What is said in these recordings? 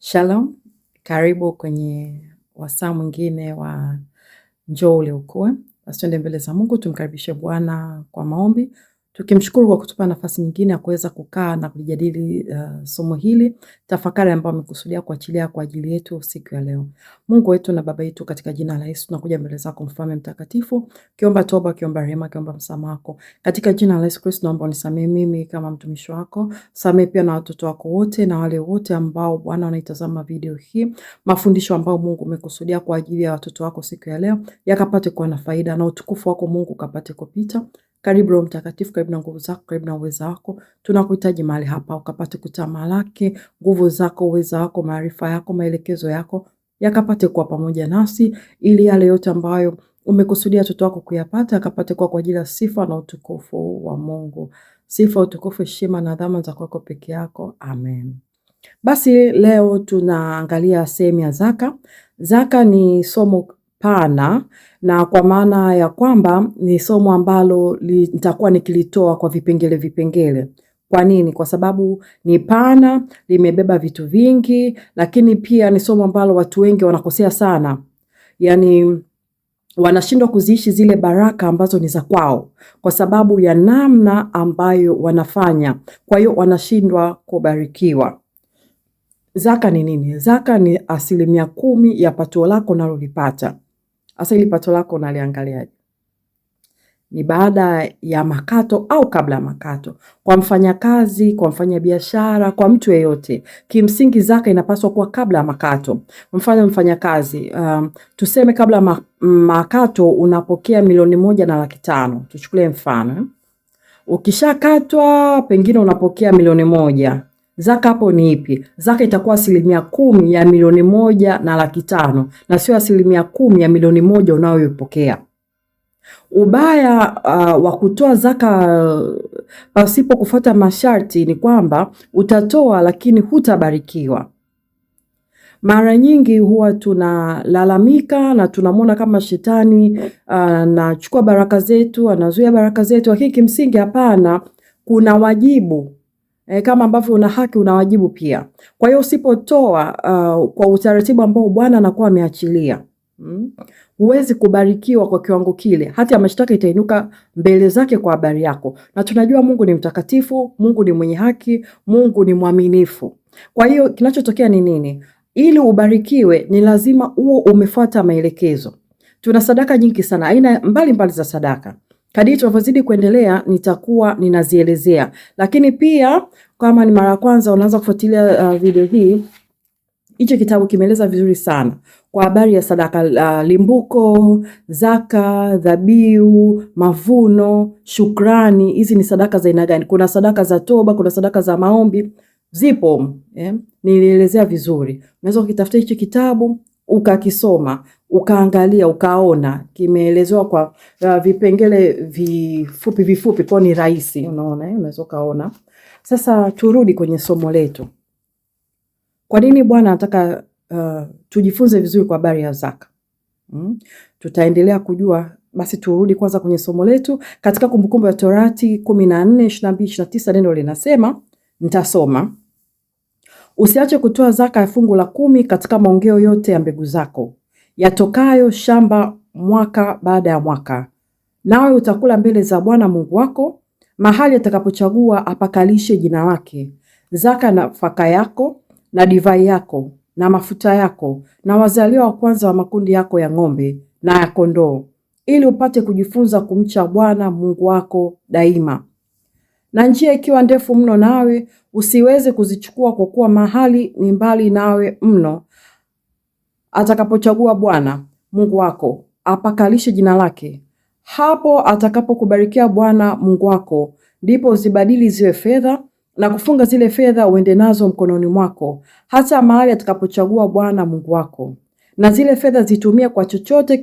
Shalom, karibu kwenye wasaa mwingine wa Njoo Ule Ukue. Basi tuende mbele za Mungu, tumkaribishe Bwana kwa maombi, Tukimshukuru kwa kutupa nafasi nyingine ya kuweza kukaa na kujadili uh, somo hili tafakari ambayo amekusudia kuachilia kwa ajili yetu siku ya leo. Mungu wetu na Baba yetu, katika jina la Yesu tunakuja mbele zako mfalme mtakatifu, kiomba toba, kiomba rehema, kiomba msamaha wako. Katika jina la Yesu Kristo naomba unisamehe mimi kama mtumishi wako, samehe pia na watoto wako wote na wale wote ambao Bwana wanaitazama video hii, mafundisho ambayo Mungu umekusudia kwa ajili ya watoto wako siku ya leo yakapate kuwa na faida na utukufu wako Mungu ukapate kupita karibu Roho Mtakatifu, karibu na nguvu zako, karibu na uweza wako. Tunakuhitaji mahali hapa, ukapate kutamalaki nguvu zako, uweza wako, maarifa yako, maelekezo yako yakapate kuwa pamoja nasi, ili yale yote ambayo umekusudia watoto wako kuyapata akapate kuwa kwa ajili ya sifa na utukufu wa Mungu. Sifa, utukufu, heshima na dhama za kwako peke yako. Amen. Basi leo tunaangalia sehemu ya zaka. Zaka ni somo pana na kwa maana ya kwamba ni somo ambalo nitakuwa nikilitoa kwa vipengele vipengele. Kwa nini? Kwa sababu ni pana, limebeba vitu vingi, lakini pia ni somo ambalo watu wengi wanakosea sana, yaani wanashindwa kuziishi zile baraka ambazo ni za kwao kwa sababu ya namna ambayo wanafanya. Kwa hiyo wanashindwa kubarikiwa. Zaka ni nini? Zaka ni asilimia kumi ya patuo lako unalolipata hasa ili pato lako unaliangaliaje? Ni baada ya makato au kabla ya makato? Kwa mfanyakazi, kwa mfanyabiashara, kwa mtu yeyote, kimsingi zaka inapaswa kuwa kabla ya makato. Mfano mfanyakazi, um, tuseme kabla ya makato unapokea milioni moja na laki tano, tuchukulie mfano. Ukishakatwa pengine unapokea milioni moja zaka hapo ni ipi? Zaka itakuwa asilimia kumi ya milioni moja na laki tano na sio asilimia kumi ya milioni moja unayoipokea. Ubaya uh, wa kutoa zaka uh, pasipo kufuata masharti ni kwamba utatoa lakini hutabarikiwa. Mara nyingi huwa tunalalamika na tunamwona kama shetani uh, anachukua uh, baraka zetu, anazuia baraka zetu, lakini kimsingi hapana. Kuna wajibu E, kama ambavyo una haki una wajibu pia. Kwa hiyo usipotoa uh, kwa utaratibu ambao Bwana anakuwa ameachilia mm, huwezi hmm, kubarikiwa kwa kiwango kile. Hati ya mashtaka itainuka mbele zake kwa habari yako, na tunajua Mungu ni mtakatifu, Mungu ni mwenye haki, Mungu ni mwaminifu. Kwa hiyo kinachotokea ni nini? Ili ubarikiwe ni lazima uo umefuata maelekezo. Tuna sadaka nyingi sana aina mbalimbali za sadaka Kadiri tunavyozidi kuendelea nitakuwa ninazielezea, lakini pia kama ni mara ya kwanza unaanza kufuatilia uh, video hii, hicho kitabu kimeeleza vizuri sana kwa habari ya sadaka uh, limbuko, zaka, dhabihu, mavuno, shukrani. Hizi ni sadaka za aina gani? Kuna sadaka za toba, kuna sadaka za maombi, zipo eh? Nilielezea vizuri, unaweza kukitafuta hicho kitabu ukakisoma ukaangalia ukaona kimeelezewa kwa uh, vipengele vifupi vifupi, kwa ni rahisi, unaona eh, unaweza ukaona. Sasa turudi kwenye somo letu. Kwa nini Bwana anataka uh, tujifunze vizuri kwa habari ya zaka? Mm, tutaendelea kujua. Basi turudi kwanza kwenye somo letu katika Kumbukumbu ya Torati kumi na nne ishirini na mbili ishirini na tisa neno linasema, nitasoma Usiache kutoa zaka ya fungu la kumi katika maongeo yote ya mbegu zako yatokayo shamba mwaka baada ya mwaka, nawe utakula mbele za Bwana Mungu wako mahali atakapochagua apakalishe jina lake. Zaka ya nafaka yako na divai yako na mafuta yako na wazaliwa wa kwanza wa makundi yako ya ng'ombe na ya kondoo, ili upate kujifunza kumcha Bwana Mungu wako daima na njia ikiwa ndefu mno nawe usiweze kuzichukua, kwa kuwa mahali ni mbali nawe mno. Atakapochagua Bwana Mungu wako apakalishe jina lake, hapo atakapokubarikia Bwana Mungu wako, ndipo zibadili ziwe fedha na kufunga zile fedha uende nazo mkononi mwako, hata mahali atakapochagua Bwana Mungu wako, na zile fedha zitumie kwa chochote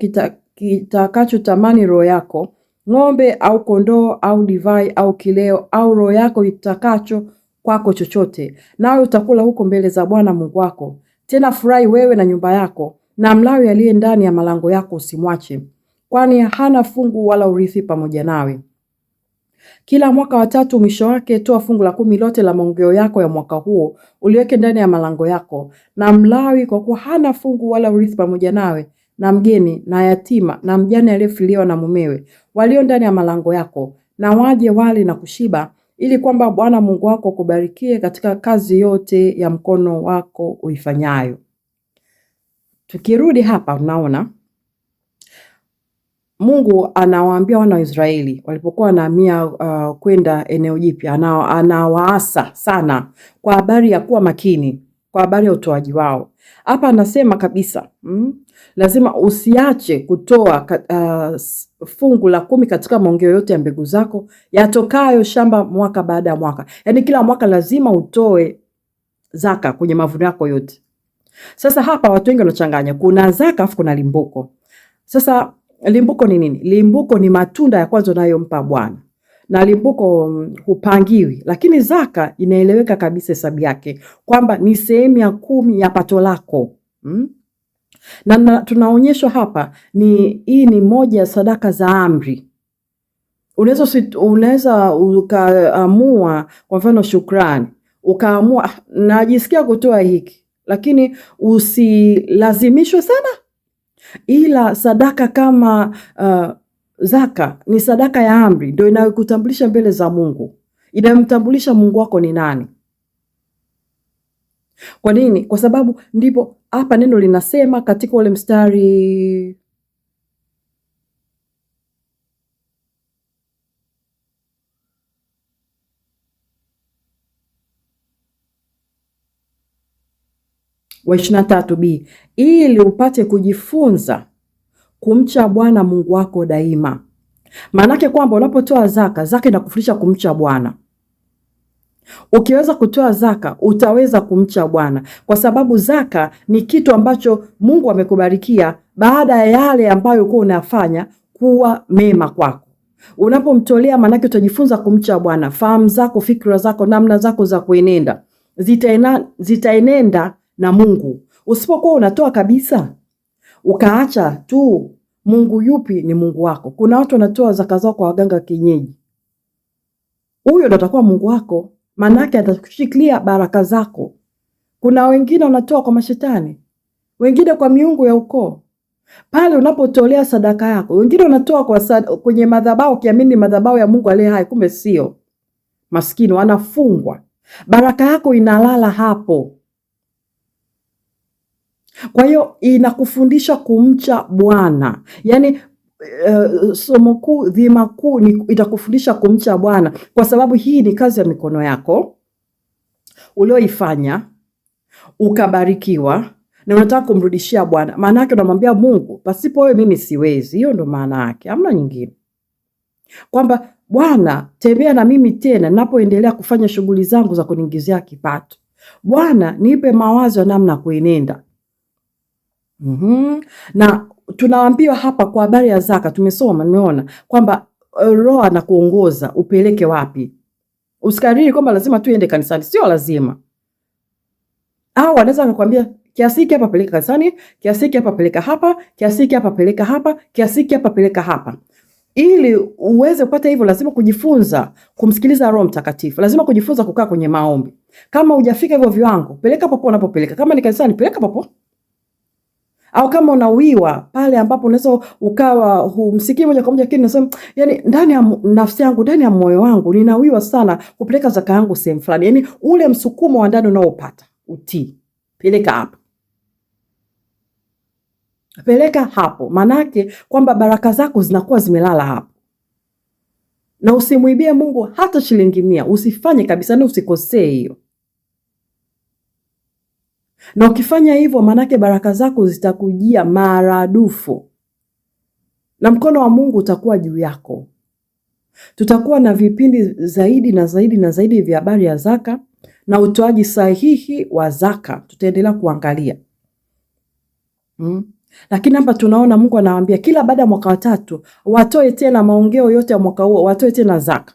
kitakachotamani kita roho yako ng'ombe au kondoo au divai au kileo au roho yako itakacho kwako chochote, nawe utakula huko mbele za Bwana Mungu wako. Tena furahi wewe na nyumba yako, na Mlawi aliye ndani ya malango yako usimwache, kwani hana fungu wala urithi pamoja nawe. Kila mwaka wa tatu mwisho wake, toa fungu la kumi lote la maongeo yako ya mwaka huo, uliweke ndani ya malango yako. Na Mlawi, kwa kuwa hana fungu wala urithi pamoja nawe, na mgeni na yatima na mjane aliyefiliwa na mumewe, walio ndani ya malango yako, na waje wale na kushiba, ili kwamba Bwana Mungu wako kubarikie katika kazi yote ya mkono wako uifanyayo. Tukirudi hapa, unaona Mungu anawaambia wana wa Israeli walipokuwa wanahamia uh, kwenda eneo jipya, anawaasa sana kwa habari ya kuwa makini, kwa habari ya utoaji wao. Hapa anasema kabisa mm, Lazima usiache kutoa uh, fungu la kumi katika maongeo yote ya mbegu zako yatokayo shamba mwaka baada ya mwaka. Yaani kila mwaka lazima utoe zaka kwenye mavuno yako yote. Sasa hapa watu wengi wanachanganya, kuna zaka afu kuna limbuko. Sasa limbuko ni nini? Limbuko ni matunda ya kwanza unayompa Bwana na limbuko mm, hupangiwi, lakini zaka inaeleweka kabisa hesabu yake kwamba ni sehemu ya kumi ya pato lako hmm? na, na tunaonyeshwa hapa ni hii ni moja ya sadaka za amri. Unaweza unaweza ukaamua kwa mfano shukrani, ukaamua ah, najisikia kutoa hiki, lakini usilazimishwe sana, ila sadaka kama uh, zaka ni sadaka ya amri, ndio inayokutambulisha mbele za Mungu, inayomtambulisha Mungu wako ni nani. Kwa nini? Kwa sababu ndipo hapa neno linasema katika ule mstari wa ishirini na tatu b ili upate kujifunza kumcha Bwana Mungu wako daima. Maanake kwamba unapotoa zaka, zaka inakufundisha kumcha Bwana. Ukiweza kutoa zaka utaweza kumcha Bwana, kwa sababu zaka ni kitu ambacho Mungu amekubarikia baada ya yale ambayo uko unafanya kuwa mema kwako. Unapomtolea maanake utajifunza kumcha Bwana. Fahamu zako, fikra zako, namna zako za kuenenda zitaena, zitaenenda na Mungu. Usipokuwa unatoa kabisa ukaacha tu, Mungu yupi ni Mungu wako? Kuna watu wanatoa zaka zao kwa waganga kienyeji, huyo ndo atakuwa Mungu wako manake atakushikilia baraka zako. Kuna wengine wanatoa kwa mashetani, wengine kwa miungu ya ukoo. Pale unapotolea sadaka yako, wengine wanatoa kwa sad... kwenye madhabahu, kiamini madhabahu ya Mungu aliye hai, kumbe sio. Maskini wanafungwa, baraka yako inalala hapo. Kwa hiyo inakufundisha kumcha Bwana, yaani Eh, somo kuu, dhima kuu itakufundisha kumcha Bwana, kwa sababu hii ni kazi ya mikono yako ulioifanya ukabarikiwa na unataka kumrudishia Bwana. Maana yake unamwambia Mungu, pasipo wewe mimi siwezi. Hiyo ndo maana yake, hamna nyingine, kwamba Bwana, tembea na mimi tena ninapoendelea kufanya shughuli zangu za kuniingizia kipato. Bwana, nipe mawazo ya namna kuenenda. mm -hmm. na tunaambiwa hapa kwa habari ya zaka, tumesoma nimeona kwamba uh, Roho anakuongoza upeleke wapi. Usikariri kwamba lazima tuende kanisani, sio lazima. Au anaweza akakwambia kiasi hiki hapa peleka kanisani, kiasi hiki hapa peleka hapa, kiasi hiki hapa peleka hapa, kiasi hiki hapa peleka hapa. Ili uweze kupata hivyo, lazima kujifunza kumsikiliza Roho Mtakatifu, lazima kujifunza kukaa kwenye maombi. Kama hujafika hivyo viwango, peleka popo unapopeleka. Kama ni kanisani, peleka popo au kama unawiwa pale ambapo unaweza ukawa humsikii moja kwa moja, lakini nasema yani, ndani ya nafsi yangu, ndani ya moyo wangu ninawiwa sana kupeleka zaka yangu sehemu fulani. Yani ule msukumo wa ndani unaopata utii, peleka hapo, peleka hapo, maanake kwamba baraka zako zinakuwa zimelala hapo na usimwibie Mungu hata shilingi mia, usifanye kabisa, ni yaani usikosee hiyo na ukifanya hivyo, maanake baraka zako zitakujia maradufu na mkono wa Mungu utakuwa juu yako. Tutakuwa na vipindi zaidi na zaidi na zaidi vya habari ya zaka na utoaji sahihi wa zaka, tutaendelea kuangalia hmm. Lakini hapa tunaona Mungu anawaambia kila baada ya mwaka watatu watoe tena, maongeo yote ya mwaka huo watoe tena zaka.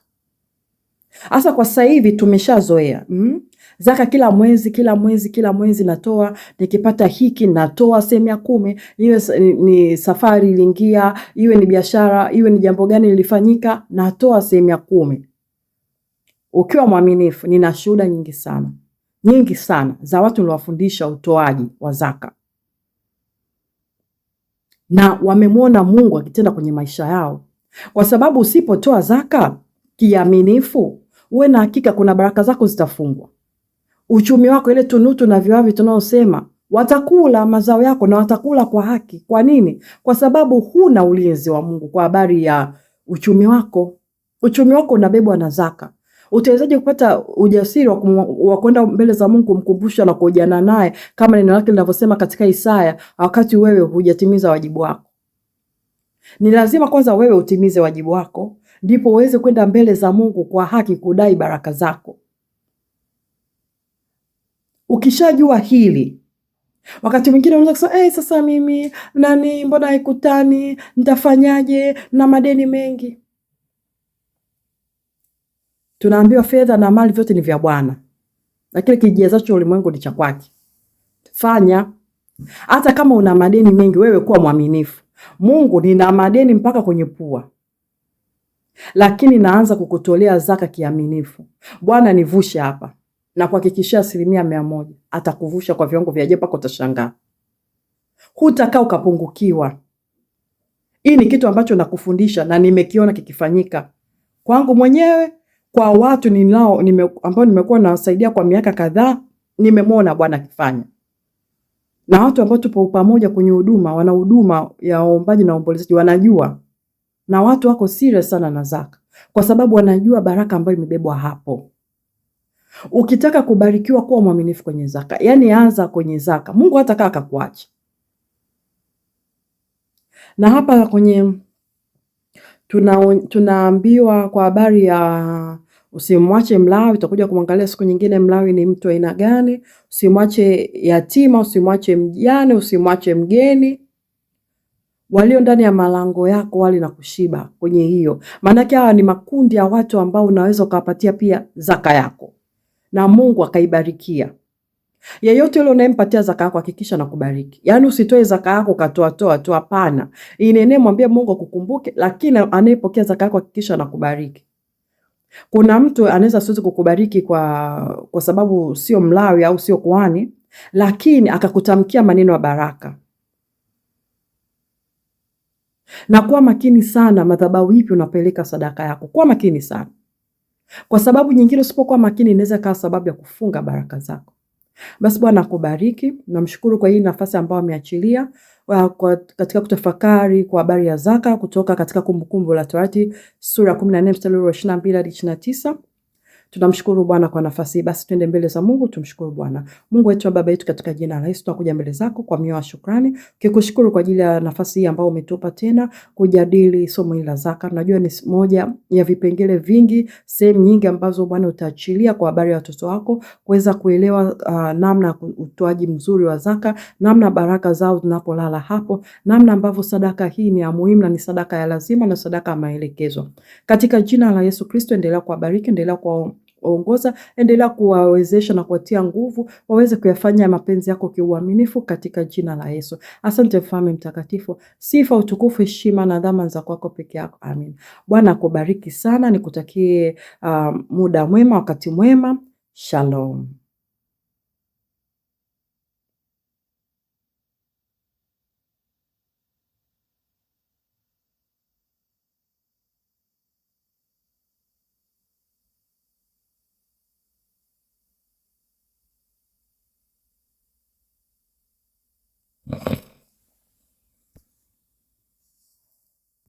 Hasa kwa sasa hivi tumeshazoea mm? Zaka kila mwezi kila mwezi kila mwezi natoa, nikipata hiki natoa sehemu ya kumi, iwe ni safari iliingia, iwe ni biashara, iwe ni jambo gani lilifanyika, natoa sehemu ya kumi. Ukiwa mwaminifu, nina shuhuda nyingi sana nyingi sana za watu niliwafundisha utoaji wa zaka na wamemwona Mungu akitenda kwenye maisha yao, kwa sababu usipotoa zaka kiaminifu uwe na hakika, kuna baraka zako zitafungwa, uchumi wako, ile tunutu na viwavi tunaosema watakula mazao yako na watakula kwa haki. Kwa nini? Kwa sababu huna ulinzi wa Mungu kwa habari ya uchumi wako. Uchumi wako unabebwa na zaka. Utawezaje kupata ujasiri wa kwenda mbele za Mungu kumkumbusha na kuojana naye kama neno lake linavyosema katika Isaya, wakati wewe hujatimiza wajibu wako? Ni lazima kwanza wewe utimize wajibu wako ndipo uweze kwenda mbele za Mungu kwa haki kudai baraka zako. Ukishajua hili wakati mwingine unaweza kusema eh, sasa mimi nani, mbona haikutani, nitafanyaje na madeni mengi? Tunaambiwa fedha na mali vyote ni vya Bwana na kile kijazacho ulimwengu ni cha kwake. Fanya hata kama una madeni mengi, wewe kuwa mwaminifu. Mungu, nina madeni mpaka kwenye pua lakini naanza kukutolea zaka kiaminifu. Bwana nivushe hapa na kuhakikishia asilimia mia moja, atakuvusha kwa viwango vya jepa, mpaka utashangaa, hutakaa ukapungukiwa. Hii ni kitu ambacho nakufundisha na nimekiona kikifanyika kwangu mwenyewe, kwa watu ninao nime, ambao nimekuwa nawasaidia kwa miaka kadhaa, nimemwona Bwana akifanya na watu ambao tupo pamoja kwenye huduma, wana huduma ya waombaji na waombolezaji, wanajua na watu wako serious sana na zaka, kwa sababu wanajua baraka ambayo imebebwa hapo. Ukitaka kubarikiwa, kuwa mwaminifu kwenye zaka, yaani anza kwenye zaka. Mungu hata kaa akakuacha. Na hapa kwenye tuna tunaambiwa kwa habari ya usimwache mlawi, tutakuja kumwangalia siku nyingine. Mlawi ni mtu aina gani? Usimwache yatima, usimwache mjane, usimwache mgeni, walio ndani ya malango yako wale na kushiba kwenye hiyo. Maanake hawa ni makundi ya watu ambao unaweza ukawapatia pia zaka yako na Mungu akaibarikia. Yeyote yule unayempatia zaka yako hakikisha na kubariki. Yaani usitoe zaka yako katoa toa tu, hapana. Inene mwambie Mungu akukumbuke, lakini anayepokea zaka yako hakikisha na kubariki. Kuna mtu anaweza siwezi kukubariki kwa kwa sababu sio Mlawi au sio kuhani, lakini akakutamkia maneno ya baraka na kuwa makini sana madhabahu ipi unapeleka sadaka yako. Kuwa makini sana, kwa sababu nyingine usipokuwa makini inaweza ikawa sababu ya kufunga baraka zako. Basi Bwana akubariki. Namshukuru kwa hii nafasi ambayo ameachilia uh, katika kutafakari kwa habari ya zaka kutoka katika Kumbukumbu la Torati sura ya 14 mstari wa 22 hadi Tunamshukuru Bwana kwa nafasi hii. Basi twende mbele za Mungu tumshukuru Bwana. Mungu wetu na Baba yetu katika jina la Yesu tunakuja mbele zako kwa mioyo ya shukrani. kikushukuru kwa ajili ya nafasi hii ambayo umetupa tena kujadili somo hili la zaka. Tunajua ni moja ya vipengele vingi, sehemu nyingi ambazo Bwana utaachilia kwa habari ya watoto wako kuweza kuelewa uh, namna ya utoaji mzuri wa zaka, namna baraka zao zinapolala hapo, namna ambavyo sadaka hii ni ya muhimu na ni sadaka ya lazima na sadaka ya maelekezo. Katika jina la Yesu Kristo endelea kuwabariki, endelea kuwa ongoza, endelea kuwawezesha na kuwatia nguvu waweze kuyafanya mapenzi yako kiuaminifu katika jina la Yesu. Asante Mfalme mtakatifu, sifa, utukufu, heshima na dhama za kwako peke yako. Amin. Bwana akubariki sana, nikutakie uh, muda mwema, wakati mwema. Shalom.